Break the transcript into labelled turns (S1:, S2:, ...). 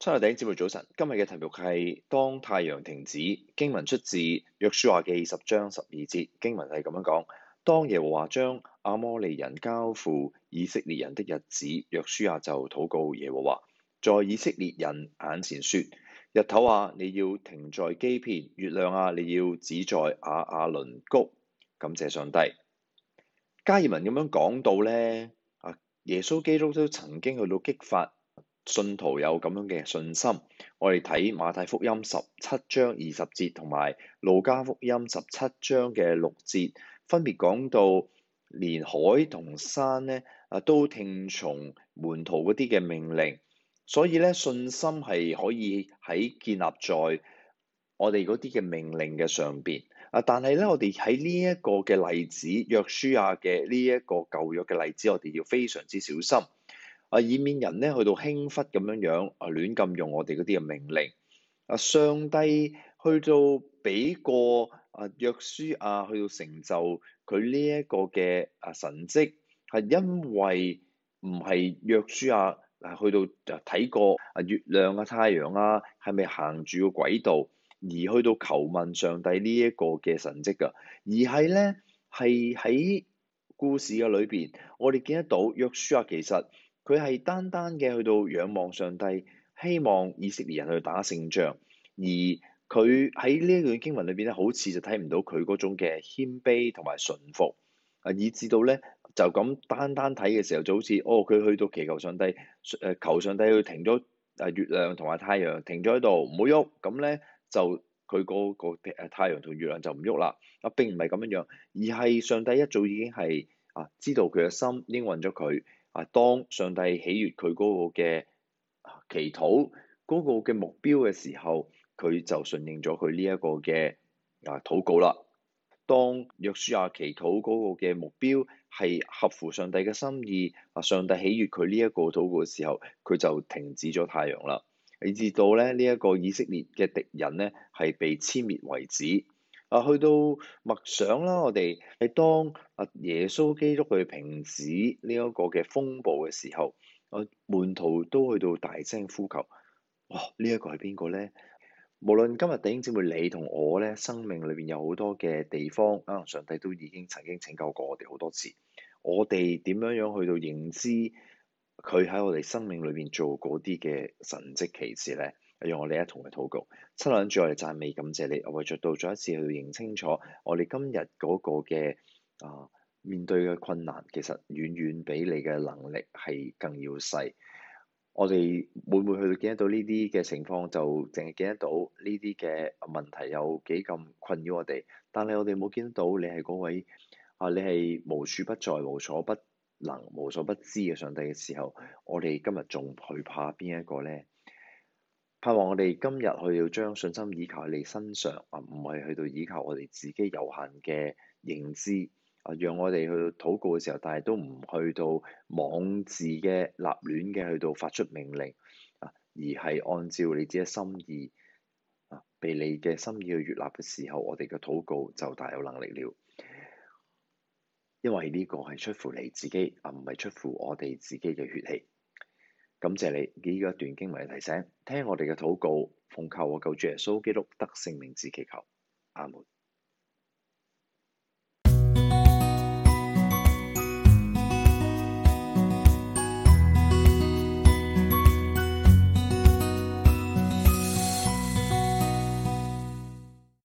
S1: 親愛弟兄姊妹早晨，今日嘅題目係當太陽停止，經文出自《約書亞記》十章十二節，經文係咁樣講：當耶和華將阿摩利人交付以色列人的日子，約書亞就禱告耶和華，在以色列人眼前說：日頭啊，你要停在基遍；月亮啊，你要止在亞雅崙谷。感謝上帝。加爾文咁樣講到咧，啊耶穌基督都曾經去到激發。信徒有咁樣嘅信心，我哋睇馬太福音十七章二十節同埋路加福音十七章嘅六節，分別講到連海同山咧啊都聽從門徒嗰啲嘅命令，所以咧信心係可以喺建立在我哋嗰啲嘅命令嘅上邊啊。但係咧，我哋喺呢一個嘅例子，約書亞嘅呢一個舊約嘅例子，我哋要非常之小心。啊！以免人咧去到輕忽咁樣樣啊，亂咁用我哋嗰啲嘅命令啊！上帝去到俾個啊約書亞，去到成就佢呢一個嘅啊神蹟，係因為唔係約書亞，係去到睇過啊月亮啊、太陽啊係咪行住個軌道，而去到求問上帝呢一個嘅神蹟㗎，而係咧係喺故事嘅裏邊，我哋見得到約書亞，其實。佢係單單嘅去到仰望上帝，希望以色列人去打勝仗，而佢喺呢一段經文裏邊咧，好似就睇唔到佢嗰種嘅謙卑同埋順服，啊，以至到咧就咁單單睇嘅時候就好似哦，佢去到祈求上帝，求上帝要停咗啊月亮同埋太陽停咗喺度唔好喐，咁咧就佢嗰個太陽同月亮就唔喐啦，啊並唔係咁樣，而係上帝一早已經係啊知道佢嘅心，應允咗佢。啊！當上帝喜悅佢嗰個嘅祈禱嗰、那個嘅目標嘅時候，佢就順應咗佢呢一個嘅啊禱告啦。當約書亞祈禱嗰個嘅目標係合乎上帝嘅心意，啊上帝喜悅佢呢一個禱告嘅時候，佢就停止咗太陽啦，以至到咧呢一、這個以色列嘅敵人咧係被殲滅為止。啊，去到默想啦，我哋係當啊耶穌基督去停止呢一個嘅風暴嘅時候，我、啊、門徒都去到大聲呼求，哇！這個、呢一個係邊個咧？無論今日弟兄姊妹你同我咧，生命裏邊有好多嘅地方，可、啊、能上帝都已經曾經拯救過我哋好多次。我哋點樣樣去到認知佢喺我哋生命裏邊做過啲嘅神蹟奇事咧？用我哋一同嘅禱告，親愛主，我哋讚美感謝你。我為着到再一次去認清楚我，我哋今日嗰個嘅啊面對嘅困難，其實遠遠比你嘅能力係更要細。我哋會唔會去見得到呢啲嘅情況？就淨係見得到呢啲嘅問題有幾咁困擾我哋？但係我哋冇見得到你係嗰位啊，你係無處不在、無所不能、無所不知嘅上帝嘅時候，我哋今日仲害怕邊一個咧？盼望我哋今日去要將信心依靠喺你身上，啊，唔係去到依靠我哋自己有限嘅認知，啊，讓我哋去到禱告嘅時候，但係都唔去到妄自嘅立亂嘅去到發出命令，啊，而係按照你自己心意，啊，被你嘅心意去悅納嘅時候，我哋嘅禱告就大有能力了，因為呢個係出乎你自己，啊，唔係出乎我哋自己嘅血氣。感謝你呢一段經文嘅提醒，聽我哋嘅禱告，奉靠我救主耶穌基督得勝名字祈求，阿門。